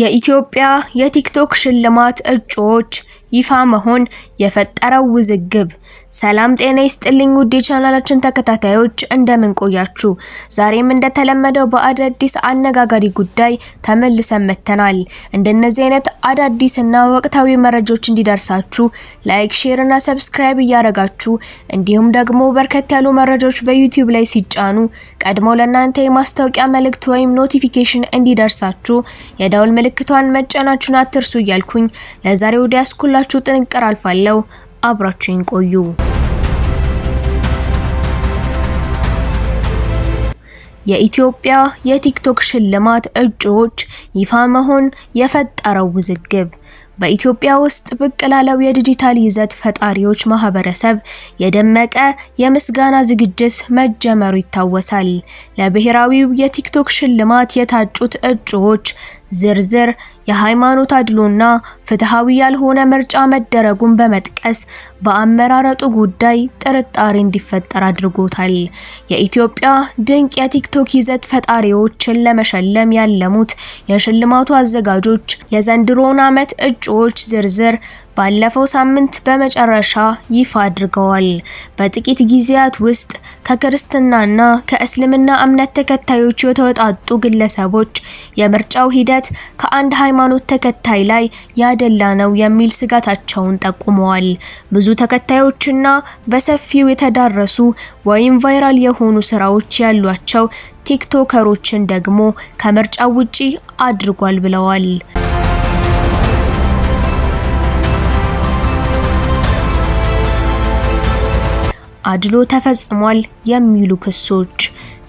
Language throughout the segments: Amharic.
የኢትዮጵያ የቲክቶክ ሽልማት እጩዎች ይፋ መሆን የፈጠረው ውዝግብ ሰላም ጤና ይስጥልኝ ውድ የቻናላችን ተከታታዮች እንደምን ቆያችሁ? ዛሬም እንደተለመደው በአዳዲስ አነጋጋሪ ጉዳይ ተመልሰን መጥተናል። እንደነዚህ አይነት አዳዲስና ወቅታዊ መረጃዎች እንዲደርሳችሁ ላይክ፣ ሼር እና ሰብስክራይብ እያደረጋችሁ እንዲሁም ደግሞ በርከት ያሉ መረጃዎች በዩቲዩብ ላይ ሲጫኑ ቀድሞ ለእናንተ የማስታወቂያ መልእክት ወይም ኖቲፊኬሽን እንዲደርሳችሁ የደውል ምልክቷን መጫናችሁን አትርሱ እያልኩኝ ለዛሬ ወዲያስኩላችሁ ጥንቅር አልፋለሁ። አብራችሁን ቆዩ። የኢትዮጵያ የቲክቶክ ሽልማት እጩዎች ይፋ መሆን የፈጠረው ውዝግብ። በኢትዮጵያ ውስጥ ብቅ ላለው የዲጂታል ይዘት ፈጣሪዎች ማህበረሰብ የደመቀ የምስጋና ዝግጅት መጀመሩ ይታወሳል። ለብሔራዊው የቲክቶክ ሽልማት የታጩት እጩዎች ዝርዝር የሃይማኖት አድሎና ፍትሃዊ ያልሆነ ምርጫ መደረጉን በመጥቀስ በአመራረጡ ጉዳይ ጥርጣሬ እንዲፈጠር አድርጎታል። የኢትዮጵያ ድንቅ የቲክቶክ ይዘት ፈጣሪዎችን ለመሸለም ያለሙት የሽልማቱ አዘጋጆች የዘንድሮውን ዓመት እጩዎች ዝርዝር ባለፈው ሳምንት በመጨረሻ ይፋ አድርገዋል። በጥቂት ጊዜያት ውስጥ ከክርስትናና ከእስልምና እምነት ተከታዮች የተወጣጡ ግለሰቦች የምርጫው ሂደት ከአንድ የሃይማኖት ተከታይ ላይ ያደላ ነው የሚል ስጋታቸውን ጠቁመዋል። ብዙ ተከታዮችና በሰፊው የተዳረሱ ወይም ቫይራል የሆኑ ስራዎች ያሏቸው ቲክቶከሮችን ደግሞ ከምርጫው ውጪ አድርጓል ብለዋል። አድሎ ተፈጽሟል የሚሉ ክሶች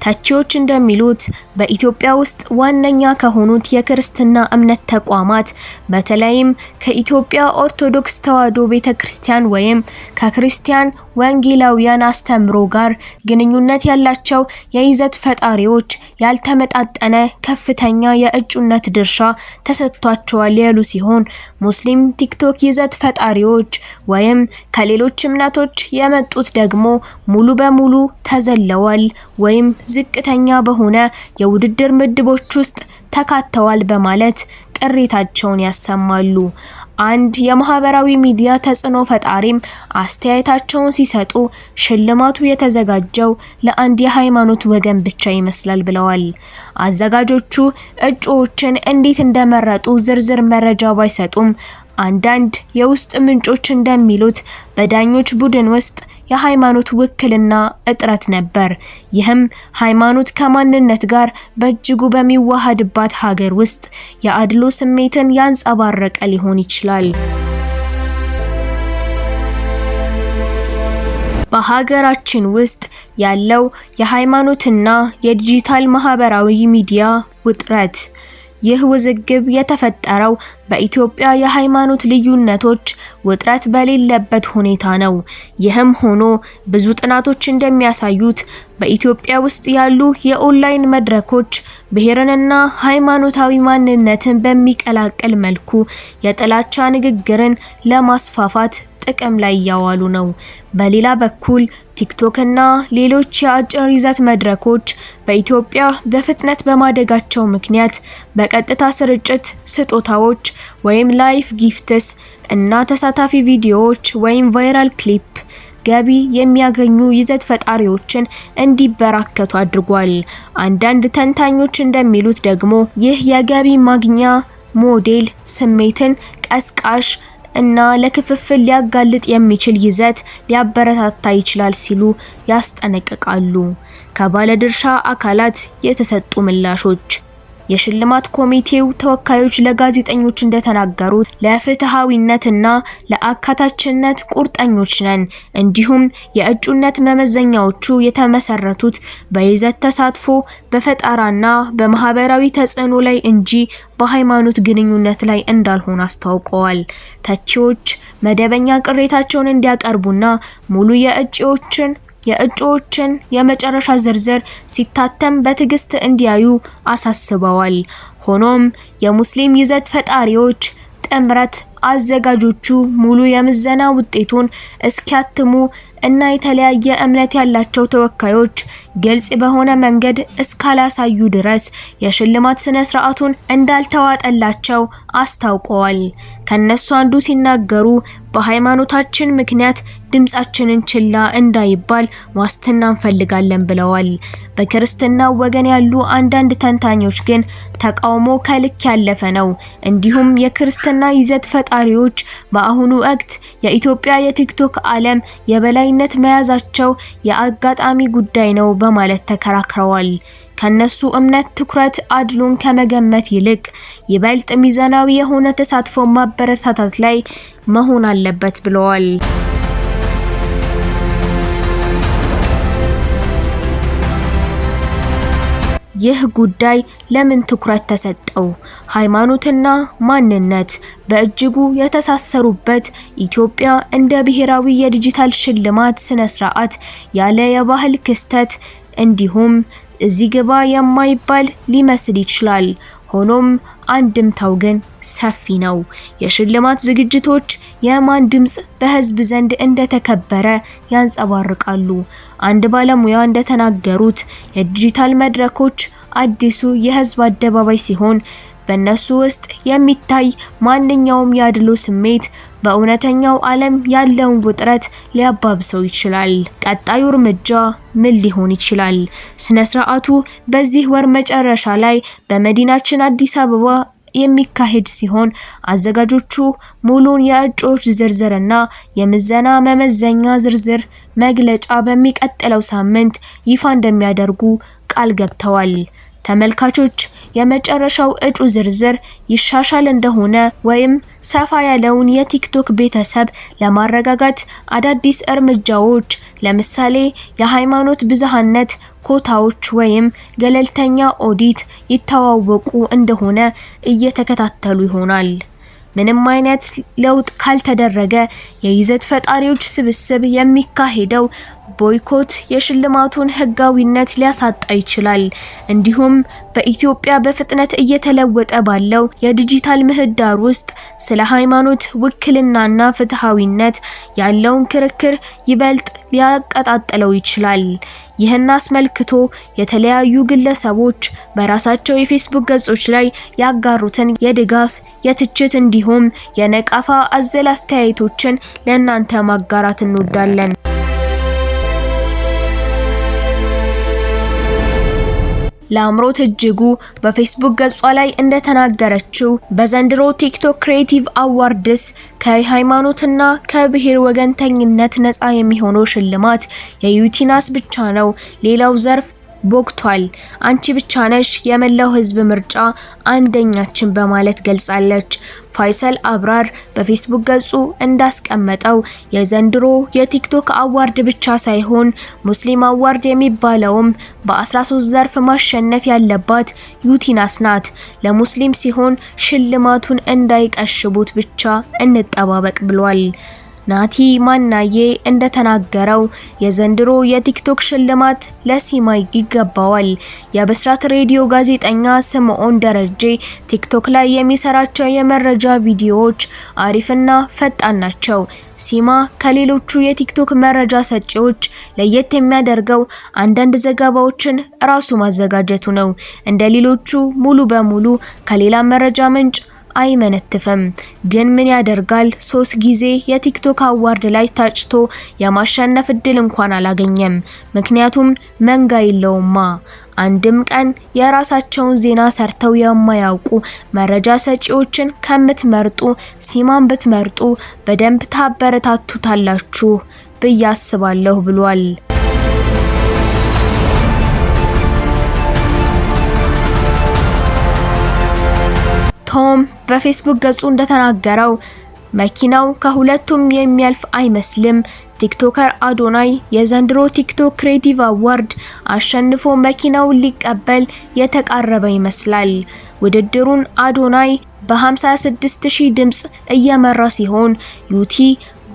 ተቺዎች እንደሚሉት በኢትዮጵያ ውስጥ ዋነኛ ከሆኑት የክርስትና እምነት ተቋማት በተለይም ከኢትዮጵያ ኦርቶዶክስ ተዋሕዶ ቤተክርስቲያን ወይም ከክርስቲያን ወንጌላውያን አስተምሮ ጋር ግንኙነት ያላቸው የይዘት ፈጣሪዎች ያልተመጣጠነ ከፍተኛ የእጩነት ድርሻ ተሰጥቷቸዋል ያሉ ሲሆን ሙስሊም ቲክቶክ ይዘት ፈጣሪዎች ወይም ከሌሎች እምነቶች የመጡት ደግሞ ሙሉ በሙሉ ተዘለዋል ወይም ዝቅተኛ በሆነ የውድድር ምድቦች ውስጥ ተካተዋል በማለት ቅሬታቸውን ያሰማሉ። አንድ የማህበራዊ ሚዲያ ተጽዕኖ ፈጣሪም አስተያየታቸውን ሲሰጡ ሽልማቱ የተዘጋጀው ለአንድ የሃይማኖት ወገን ብቻ ይመስላል ብለዋል። አዘጋጆቹ እጩዎችን እንዴት እንደመረጡ ዝርዝር መረጃ ባይሰጡም አንዳንድ የውስጥ ምንጮች እንደሚሉት በዳኞች ቡድን ውስጥ የሃይማኖት ውክልና እጥረት ነበር። ይህም ሃይማኖት ከማንነት ጋር በእጅጉ በሚዋሃድባት ሀገር ውስጥ የአድሎ ስሜትን ያንጸባረቀ ሊሆን ይችላል። በሀገራችን ውስጥ ያለው የሃይማኖትና የዲጂታል ማህበራዊ ሚዲያ ውጥረት ይህ ውዝግብ የተፈጠረው በኢትዮጵያ የሃይማኖት ልዩነቶች ውጥረት በሌለበት ሁኔታ ነው። ይህም ሆኖ ብዙ ጥናቶች እንደሚያሳዩት በኢትዮጵያ ውስጥ ያሉ የኦንላይን መድረኮች ብሔርንና ሃይማኖታዊ ማንነትን በሚቀላቅል መልኩ የጥላቻ ንግግርን ለማስፋፋት ጥቅም ላይ እያዋሉ ነው። በሌላ በኩል ቲክቶክ እና ሌሎች የአጭር ይዘት መድረኮች በኢትዮጵያ በፍጥነት በማደጋቸው ምክንያት በቀጥታ ስርጭት ስጦታዎች ወይም ላይፍ ጊፍትስ እና ተሳታፊ ቪዲዮዎች ወይም ቫይራል ክሊፕ ገቢ የሚያገኙ ይዘት ፈጣሪዎችን እንዲበራከቱ አድርጓል። አንዳንድ ተንታኞች እንደሚሉት ደግሞ ይህ የገቢ ማግኛ ሞዴል ስሜትን ቀስቃሽ እና ለክፍፍል ሊያጋልጥ የሚችል ይዘት ሊያበረታታ ይችላል ሲሉ ያስጠነቅቃሉ። ከባለድርሻ አካላት የተሰጡ ምላሾች የሽልማት ኮሚቴው ተወካዮች ለጋዜጠኞች እንደተናገሩት ለፍትሃዊነትና ለአካታችነት ቁርጠኞች ነን፣ እንዲሁም የእጩነት መመዘኛዎቹ የተመሰረቱት በይዘት ተሳትፎ፣ በፈጠራና በማህበራዊ ተጽዕኖ ላይ እንጂ በሃይማኖት ግንኙነት ላይ እንዳልሆን አስታውቀዋል። ተቺዎች መደበኛ ቅሬታቸውን እንዲያቀርቡና ሙሉ የእጩዎችን የእጩዎችን የመጨረሻ ዝርዝር ሲታተም በትዕግስት እንዲያዩ አሳስበዋል። ሆኖም የሙስሊም ይዘት ፈጣሪዎች ጥምረት አዘጋጆቹ ሙሉ የምዘና ውጤቱን እስኪያትሙ እና የተለያየ እምነት ያላቸው ተወካዮች ግልጽ በሆነ መንገድ እስካላሳዩ ድረስ የሽልማት ስነ ስርዓቱን እንዳልተዋጠላቸው አስታውቀዋል። ከነሱ አንዱ ሲናገሩ በሃይማኖታችን ምክንያት ድምጻችንን ችላ እንዳይባል ዋስትና እንፈልጋለን ብለዋል። በክርስትና ወገን ያሉ አንዳንድ ተንታኞች ግን ተቃውሞ ከልክ ያለፈ ነው፣ እንዲሁም የክርስትና ይዘት ፈጣሪዎች በአሁኑ ወቅት የኢትዮጵያ የቲክቶክ ዓለም የበላይ በበላይነት መያዛቸው የአጋጣሚ ጉዳይ ነው በማለት ተከራክረዋል። ከነሱ እምነት ትኩረት አድሉን ከመገመት ይልቅ ይበልጥ ሚዛናዊ የሆነ ተሳትፎ ማበረታታት ላይ መሆን አለበት ብለዋል። ይህ ጉዳይ ለምን ትኩረት ተሰጠው? ሃይማኖትና ማንነት በእጅጉ የተሳሰሩበት ኢትዮጵያ እንደ ብሔራዊ የዲጂታል ሽልማት ስነ ስርዓት ያለ የባህል ክስተት እንዲሁም እዚህ ግባ የማይባል ሊመስል ይችላል። ሆኖም አንድምታው ግን ሰፊ ነው። የሽልማት ዝግጅቶች የማን ድምፅ በህዝብ ዘንድ እንደተከበረ ያንጸባርቃሉ። አንድ ባለሙያ እንደተናገሩት የዲጂታል መድረኮች አዲሱ የህዝብ አደባባይ ሲሆን በእነሱ ውስጥ የሚታይ ማንኛውም ያድሎ ስሜት በእውነተኛው ዓለም ያለውን ውጥረት ሊያባብሰው ይችላል። ቀጣዩ እርምጃ ምን ሊሆን ይችላል? ስነ ስርዓቱ በዚህ ወር መጨረሻ ላይ በመዲናችን አዲስ አበባ የሚካሄድ ሲሆን አዘጋጆቹ ሙሉን የእጩዎች ዝርዝርና የምዘና መመዘኛ ዝርዝር መግለጫ በሚቀጥለው ሳምንት ይፋ እንደሚያደርጉ ቃል ገብተዋል። ተመልካቾች የመጨረሻው እጩ ዝርዝር ይሻሻል እንደሆነ ወይም ሰፋ ያለውን የቲክቶክ ቤተሰብ ለማረጋጋት አዳዲስ እርምጃዎች ለምሳሌ የሃይማኖት ብዝሃነት ኮታዎች ወይም ገለልተኛ ኦዲት ይተዋወቁ እንደሆነ እየተከታተሉ ይሆናል። ምንም አይነት ለውጥ ካልተደረገ የይዘት ፈጣሪዎች ስብስብ የሚካሄደው ቦይኮት የሽልማቱን ሕጋዊነት ሊያሳጣ ይችላል። እንዲሁም በኢትዮጵያ በፍጥነት እየተለወጠ ባለው የዲጂታል ምህዳር ውስጥ ስለ ሃይማኖት ውክልናና ፍትሃዊነት ያለውን ክርክር ይበልጥ ሊያቀጣጥለው ይችላል። ይህን አስመልክቶ የተለያዩ ግለሰቦች በራሳቸው የፌስቡክ ገጾች ላይ ያጋሩትን የድጋፍ፣ የትችት እንዲሁም የነቀፋ አዘል አስተያየቶችን ለእናንተ ማጋራት እንወዳለን። ለአምሮት እጅጉ በፌስቡክ ገጿ ላይ እንደተናገረችው በዘንድሮ ቲክቶክ ክሬቲቭ አዋርድስ ከሃይማኖትና ከብሔር ወገንተኝነት ነፃ የሚሆነው ሽልማት የዩቲናስ ብቻ ነው። ሌላው ዘርፍ ቦክቷል። አንቺ ብቻ ነሽ የመላው ህዝብ ምርጫ አንደኛችን በማለት ገልጻለች። ፋይሰል አብራር በፌስቡክ ገጹ እንዳስቀመጠው የዘንድሮ የቲክቶክ አዋርድ ብቻ ሳይሆን ሙስሊም አዋርድ የሚባለውም በ13 ዘርፍ ማሸነፍ ያለባት ዩቲናስ ናት። ለሙስሊም ሲሆን ሽልማቱን እንዳይቀሽቡት ብቻ እንጠባበቅ ብሏል። ናቲ ማናዬ እንደተናገረው የዘንድሮ የቲክቶክ ሽልማት ለሲማ ይገባዋል። የብስራት ሬዲዮ ጋዜጠኛ ስምዖን ደረጀ ቲክቶክ ላይ የሚሰራቸው የመረጃ ቪዲዮዎች አሪፍና ፈጣን ናቸው። ሲማ ከሌሎቹ የቲክቶክ መረጃ ሰጪዎች ለየት የሚያደርገው አንዳንድ ዘገባዎችን ራሱ ማዘጋጀቱ ነው። እንደ ሌሎቹ ሙሉ በሙሉ ከሌላ መረጃ ምንጭ አይመነትፈም። ግን ምን ያደርጋል ሶስት ጊዜ የቲክቶክ አዋርድ ላይ ታጭቶ የማሸነፍ እድል እንኳን አላገኘም። ምክንያቱም መንጋ የለውማ። አንድም ቀን የራሳቸውን ዜና ሰርተው የማያውቁ መረጃ ሰጪዎችን ከምትመርጡ ሲማን ብትመርጡ በደንብ ታበረታቱታላችሁ ብዬ አስባለሁ ብሏል። ከሆም በፌስቡክ ገጹ እንደተናገረው መኪናው ከሁለቱም የሚያልፍ አይመስልም። ቲክቶከር አዶናይ የዘንድሮ ቲክቶክ ክሬቲቭ አዋርድ አሸንፎ መኪናው ሊቀበል የተቃረበ ይመስላል። ውድድሩን አዶናይ በ56000 ድምጽ እየመራ ሲሆን ዩቲ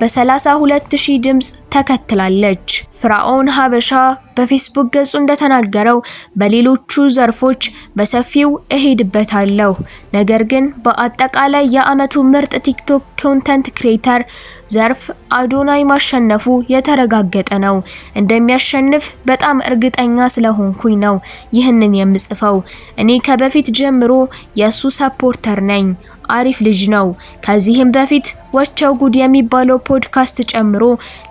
በ32 ሺህ ድምፅ ተከትላለች። ፍራኦን ሀበሻ በፌስቡክ ገጹ እንደተናገረው በሌሎቹ ዘርፎች በሰፊው እሄድበታለሁ፣ ነገር ግን በአጠቃላይ የአመቱ ምርጥ ቲክቶክ ኮንተንት ክሬተር ዘርፍ አዶናይ ማሸነፉ የተረጋገጠ ነው። እንደሚያሸንፍ በጣም እርግጠኛ ስለሆንኩኝ ነው ይህንን የምጽፈው። እኔ ከበፊት ጀምሮ የሱ ሰፖርተር ነኝ። አሪፍ ልጅ ነው። ከዚህም በፊት ወቸው ጉድ የሚባለው ፖድካስት ጨምሮ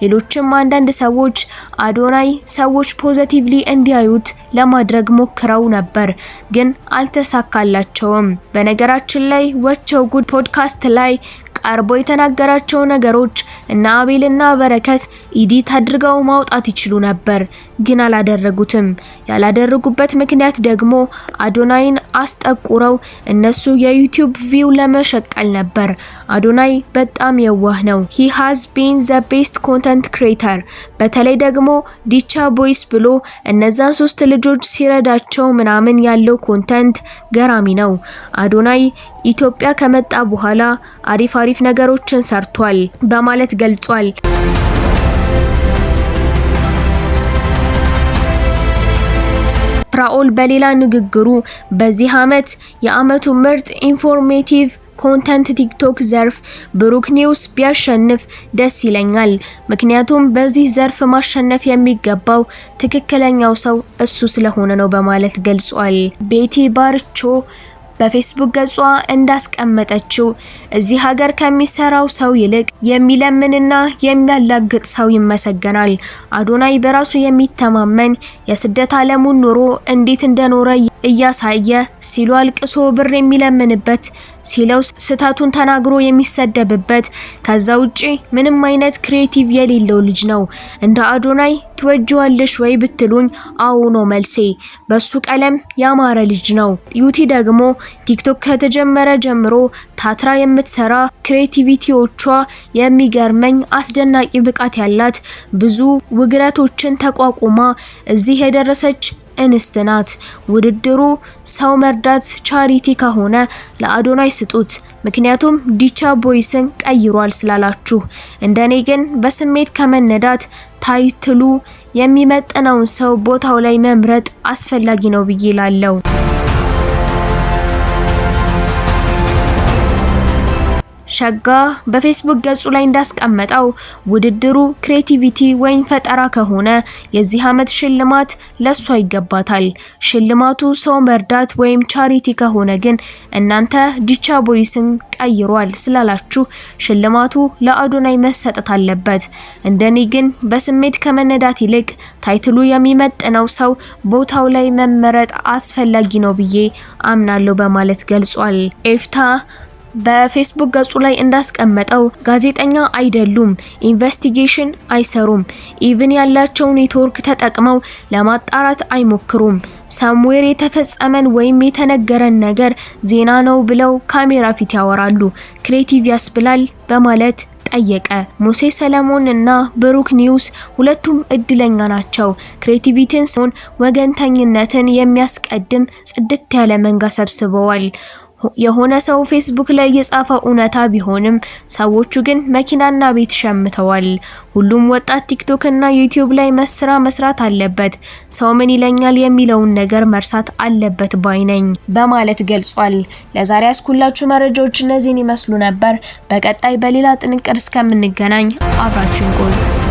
ሌሎችም አንዳንድ ሰዎች አዶናይ ሰዎች ፖዘቲቭሊ እንዲያዩት ለማድረግ ሞክረው ነበር፣ ግን አልተሳካላቸውም። በነገራችን ላይ ወቸው ጉድ ፖድካስት ላይ ቀርቦ የተናገራቸው ነገሮች እና አቤልና በረከት ኢዲት አድርገው ማውጣት ይችሉ ነበር። ግን አላደረጉትም። ያላደረጉበት ምክንያት ደግሞ አዶናይን አስጠቁረው እነሱ የዩቲዩብ ቪው ለመሸቀል ነበር። አዶናይ በጣም የዋህ ነው። ሂ ሃዝ ቢን ዘ ቤስት ኮንተንት ክሬተር። በተለይ ደግሞ ዲቻ ቦይስ ብሎ እነዛን ሶስት ልጆች ሲረዳቸው ምናምን ያለው ኮንተንት ገራሚ ነው። አዶናይ ኢትዮጵያ ከመጣ በኋላ አሪፍ አሪፍ ነገሮችን ሰርቷል በማለት ገልጿል። ፍራኦል በሌላ ንግግሩ በዚህ ዓመት የዓመቱ ምርጥ ኢንፎርሜቲቭ ኮንተንት ቲክቶክ ዘርፍ ብሩክ ኒውስ ቢያሸንፍ ደስ ይለኛል። ምክንያቱም በዚህ ዘርፍ ማሸነፍ የሚገባው ትክክለኛው ሰው እሱ ስለሆነ ነው በማለት ገልጿል። ቤቲ ባርቾ በፌስቡክ ገጿ እንዳስቀመጠችው እዚህ ሀገር ከሚሰራው ሰው ይልቅ የሚለምንና የሚያላግጥ ሰው ይመሰገናል። አዶናይ በራሱ የሚተማመን የስደት ዓለሙን ኑሮ እንዴት እንደኖረ እያሳየ ሲሉ አልቅሶ ብር የሚለምንበት ሲለው ስህተቱን ተናግሮ የሚሰደብበት ከዛ ውጪ ምንም አይነት ክሬቲቭ የሌለው ልጅ ነው። እንደ አዶናይ ትወጅዋለሽ ወይ ብትሉኝ አዎ ነው መልሴ። በሱ ቀለም ያማረ ልጅ ነው። ዩቲ ደግሞ ቲክቶክ ከተጀመረ ጀምሮ ታትራ የምትሰራ ክሬቲቪቲዎቿ የሚገርመኝ አስደናቂ ብቃት ያላት ብዙ ውግረቶችን ተቋቁማ እዚህ የደረሰች እንስት ናት። ውድድሩ ሰው መርዳት ቻሪቲ ከሆነ ለአዶናይ ስጡት፣ ምክንያቱም ዲቻ ቦይስን ቀይሯል ስላላችሁ። እንደኔ ግን በስሜት ከመነዳት ታይትሉ የሚመጥነውን ሰው ቦታው ላይ መምረጥ አስፈላጊ ነው ብዬ ላለው ሸጋ በፌስቡክ ገጹ ላይ እንዳስቀመጠው ውድድሩ ክሬቲቪቲ ወይም ፈጠራ ከሆነ የዚህ ዓመት ሽልማት ለሷ ይገባታል። ሽልማቱ ሰው መርዳት ወይም ቻሪቲ ከሆነ ግን እናንተ ዲቻ ቦይስን ቀይሯል ስላላችሁ ሽልማቱ ለአዶናይ መሰጠት አለበት። እንደኔ ግን በስሜት ከመነዳት ይልቅ ታይትሉ የሚመጥነው ሰው ቦታው ላይ መመረጥ አስፈላጊ ነው ብዬ አምናለሁ በማለት ገልጿል። ኤፍታ በፌስቡክ ገጹ ላይ እንዳስቀመጠው ጋዜጠኛ አይደሉም፣ ኢንቨስቲጌሽን አይሰሩም፣ ኢቭን ያላቸው ኔትወርክ ተጠቅመው ለማጣራት አይሞክሩም። ሰምዌር የተፈጸመን ወይም የተነገረን ነገር ዜና ነው ብለው ካሜራ ፊት ያወራሉ። ክሬቲቭ ያስብላል በማለት ጠየቀ። ሙሴ ሰለሞን እና ብሩክ ኒውስ ሁለቱም እድለኛ ናቸው። ክሬቲቪቲን ሲሆን ወገንተኝነትን የሚያስቀድም ጽድት ያለ መንጋ ሰብስበዋል። የሆነ ሰው ፌስቡክ ላይ የጻፈው እውነታ ቢሆንም ሰዎቹ ግን መኪናና ቤት ሸምተዋል። ሁሉም ወጣት ቲክቶክ እና ዩቲዩብ ላይ መስራ መስራት አለበት፣ ሰው ምን ይለኛል የሚለውን ነገር መርሳት አለበት ባይ ነኝ በማለት ገልጿል። ለዛሬ ያስኩላችሁ መረጃዎች እነዚህን ይመስሉ ነበር። በቀጣይ በሌላ ጥንቅር እስከምንገናኝ አብራችን ቆዩ።